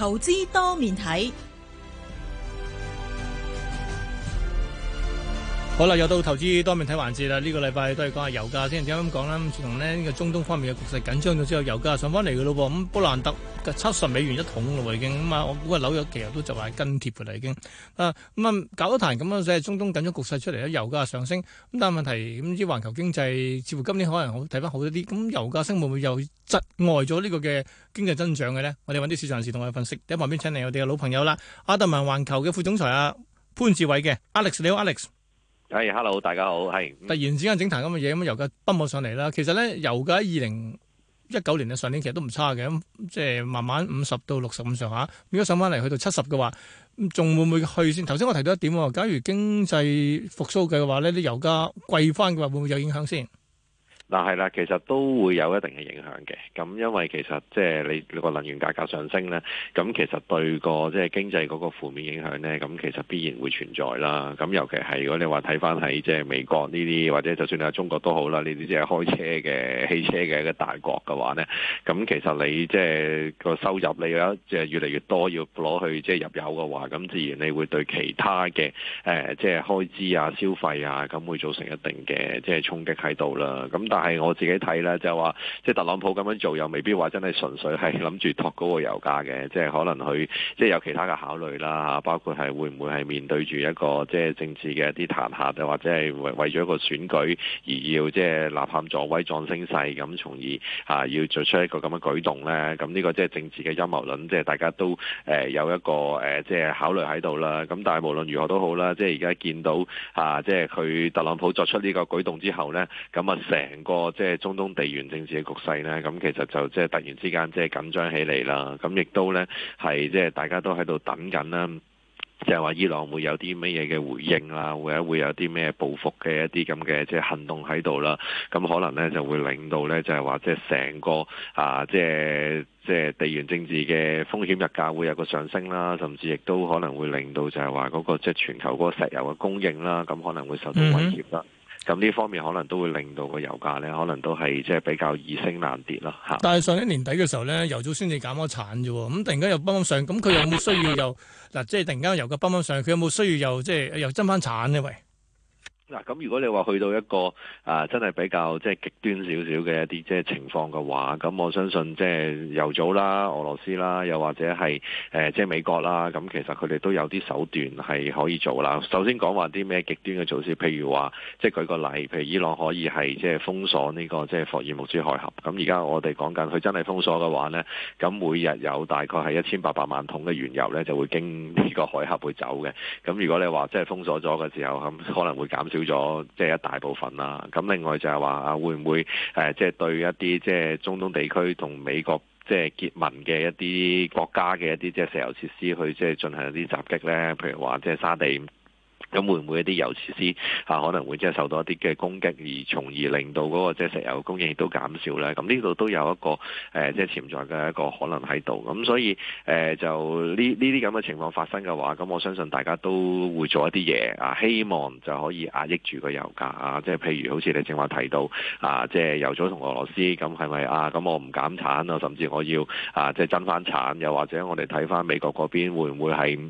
投資多面睇。好啦，又到投資多面睇環節啦。呢個禮拜都係講下油價先，點解咁講咧？先同咧呢個中東方面嘅局勢緊張咗之後，油價上翻嚟嘅咯噃。咁波蘭特七十美元一桶咯喎，已經咁啊。我估啊紐約期油都就話跟貼嘅啦，已經啊咁啊搞咗壇咁樣，即係中東緊張局勢出嚟油價上升咁。但係問題咁，依環球經濟似乎今年可能好睇翻好一啲咁，油價升會唔會又窒礙咗呢個嘅經濟增長嘅呢？我哋揾啲市場人士同我哋分析，喺旁邊請嚟我哋嘅老朋友啦，亞達盟環球嘅副總裁阿潘志偉嘅 Alex，你好 Alex。係、hey，hello，大家好，係、hey。突然之間整壇咁嘅嘢，咁油價奔冇上嚟啦。其實咧，油價喺二零一九年嘅上年其實都唔差嘅，即係慢慢五十到六十五上下。如果上翻嚟，去到七十嘅話，仲會唔會去先？頭先我提到一點，假如經濟復蘇緊嘅話咧，啲油價貴翻嘅話，會唔會有影響先？但係啦，其實都會有一定嘅影響嘅。咁因為其實即係你你個能源價格上升呢，咁其實對個即係經濟嗰個負面影響呢，咁其實必然會存在啦。咁尤其係如果你話睇翻喺即係美國呢啲，或者就算喺中國都好啦，你啲即係開車嘅汽車嘅一個大國嘅話呢，咁其實你即係個收入你有一即係越嚟越多要攞去即係入油嘅話，咁自然你會對其他嘅誒即係開支啊、消費啊，咁會造成一定嘅即係衝擊喺度啦。咁但係我自己睇咧，就係話即係特朗普咁樣做，又未必話真係純粹係諗住托高個油價嘅，即係可能佢即係有其他嘅考慮啦，包括係會唔會係面對住一個即係政治嘅一啲彈劾，又或者係為咗一個選舉而要即係吶喊助威、壯聲勢咁，從而嚇要做出一個咁嘅舉動呢。咁呢個即係政治嘅陰謀論，即係大家都誒有一個誒即係考慮喺度啦。咁但係無論如何都好啦，即係而家見到嚇即係佢特朗普作出呢個舉動之後呢，咁啊成。個即係中東地緣政治嘅局勢呢，咁其實就即係突然之間即係緊張起嚟啦。咁亦都呢係即係大家都喺度等緊啦，即係話伊朗會有啲乜嘢嘅回應啦，或者會有啲咩報復嘅一啲咁嘅即係行動喺度啦。咁可能呢就會令到呢，就係話即係成個啊即係即係地緣政治嘅風險溢價會有個上升啦，甚至亦都可能會令到就係話嗰個即係全球嗰個石油嘅供應啦，咁可能會受到威脅啦。Mm hmm. 咁呢方面可能都會令到個油價咧，可能都係即係比較易升難跌咯嚇。但係上一年底嘅時候咧，油組先至減咗產啫喎，咁突然間又泵崩上，咁佢有冇需要又嗱， 即係突然間油價泵崩上，佢有冇需要又即係又增翻產呢？喂？嗱，咁、啊、如果你話去到一個啊，真係比較即係極端少少嘅一啲即係情況嘅話，咁我相信即係油組啦，俄羅斯啦，又或者係誒、呃、即係美國啦，咁其實佢哋都有啲手段係可以做啦。首先講話啲咩極端嘅措施，譬如話即係舉個例，譬如伊朗可以係即係封鎖呢、這個即係霍爾木茲海峽，咁而家我哋講緊佢真係封鎖嘅話咧，咁每日有大概係一千八百萬桶嘅原油咧就會經呢個海峽會走嘅。咁如果你話即係封鎖咗嘅時候，咁可能會減少。少咗即係一大部分啦。咁另外就係話，會唔會誒，即係對一啲即係中東地區同美國即係結盟嘅一啲國家嘅一啲即係石油設施去即係進行一啲襲擊咧？譬如話即係沙地。咁會唔會一啲油設施啊，可能會即係受到一啲嘅攻擊而，而從而令到嗰個即係石油供應亦都減少咧？咁呢度都有一個誒、呃，即係潛在嘅一個可能喺度。咁所以誒、呃，就呢呢啲咁嘅情況發生嘅話，咁我相信大家都會做一啲嘢啊，希望就可以壓抑住個油價啊。即係譬如好似你正話提到啊，即係油咗同俄羅斯咁係咪啊？咁我唔減產啊，甚至我要啊，即係增翻產，又或者我哋睇翻美國嗰邊會唔會係？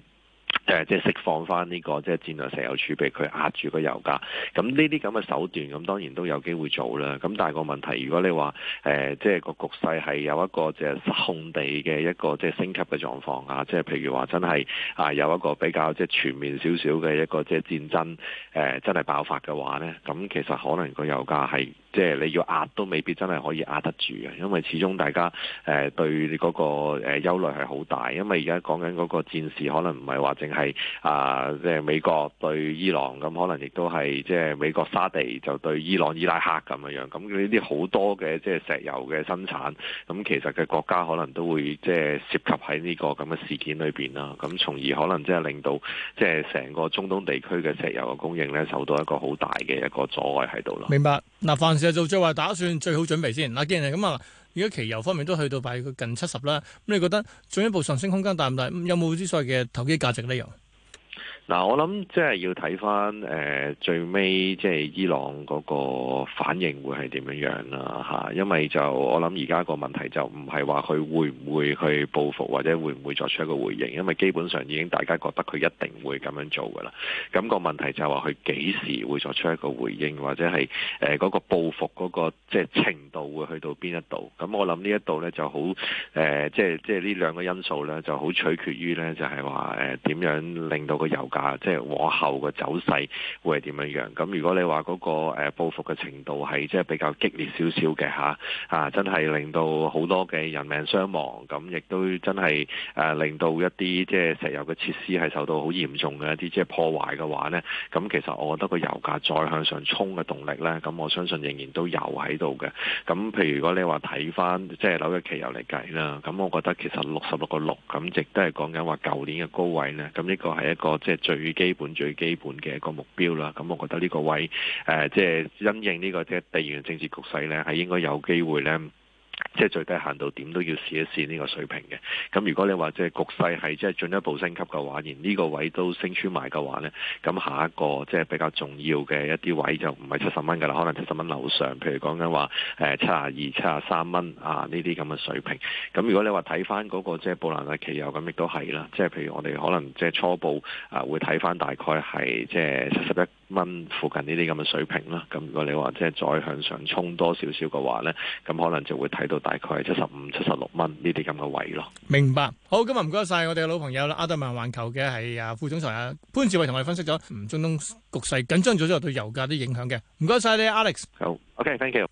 誒，即係釋放翻呢個即係戰略石油儲備，佢壓住個油價。咁呢啲咁嘅手段，咁當然都有機會做啦。咁但係個問題，如果你話誒，即係個局勢係有一個即係失控地嘅一個即係升級嘅狀況啊，即係譬如話真係啊有一個比較即係全面少少嘅一個即係戰爭，誒真係爆發嘅話咧，咁其實可能個油價係。即係你要壓都未必真係可以壓得住嘅，因為始終大家誒對嗰個誒憂慮係好大，因為而家講緊嗰個戰事可能唔係話淨係啊，即係美國對伊朗咁，可能亦都係即係美國沙地就對伊朗伊拉克，咁樣樣咁呢啲好多嘅即係石油嘅生產，咁其實嘅國家可能都會即係涉及喺呢個咁嘅事件裏邊啦，咁從而可能即係令到即係成個中東地區嘅石油嘅供應咧受到一個好大嘅一個阻礙喺度咯。明白。其實做最壞打算，最好準備先。嗱，啊，既然係咁啊，如果期油方面都去到快近七十啦，咁你覺得進一步上升空間大唔大？有冇啲所謂嘅投機價值咧？又？嗱、啊，我諗即係要睇翻誒最尾即係伊朗嗰個反應會係點樣樣啦吓，因為就我諗而家個問題就唔係話，佢會唔會去報復或者會唔會作出一個回應，因為基本上已經大家覺得佢一定會咁樣做噶啦。咁、個問題就係話，佢幾時會作出一個回應，或者係誒嗰個報復嗰個即係程度會去到邊、啊、一度？咁我諗呢一度咧就好誒即係即係呢兩個因素咧就好取決於咧，就係話誒點樣令到個油價。啊，即係往後嘅走勢會係點樣樣？咁如果你話嗰、那個誒報復嘅程度係即係比較激烈少少嘅嚇，啊真係令到好多嘅人命傷亡，咁亦都真係誒、啊、令到一啲即係石油嘅設施係受到好嚴重嘅一啲即係破壞嘅話呢。咁其實我覺得個油價再向上衝嘅動力呢，咁我相信仍然都有喺度嘅。咁譬如如果你話睇翻即係紐約期油嚟計啦，咁我覺得其實六十六個六咁亦都係講緊話舊年嘅高位呢。咁呢個係一個即係。最基本最基本嘅一個目標啦，咁、嗯、我覺得呢個位誒，即、呃、係、就是、因應呢、這個即係地緣政治局勢咧，係應該有機會咧。即係最低限度點都要試一試呢個水平嘅。咁如果你話即係局勢係即係進一步升級嘅話，連呢個位都升穿埋嘅話呢，咁下一個即係比較重要嘅一啲位就唔係七十蚊㗎喇，可能七十蚊樓上，譬如講緊話誒七十二、七十三蚊啊呢啲咁嘅水平。咁如果你話睇翻嗰個即係布蘭特期油，咁亦都係啦。即係譬如我哋可能即係初步啊、呃、會睇翻大概係即係七十一蚊附近呢啲咁嘅水平啦，咁如果你話即係再向上衝多少少嘅話咧，咁可能就會睇到大概係七十五、七十六蚊呢啲咁嘅位咯。明白，好，咁啊唔該晒我哋嘅老朋友啦，亞達盟環球嘅係啊副總裁啊潘志偉同我哋分析咗唔中東局勢緊張咗之後對油價啲影響嘅，唔該晒你，Alex。好，OK，thank you。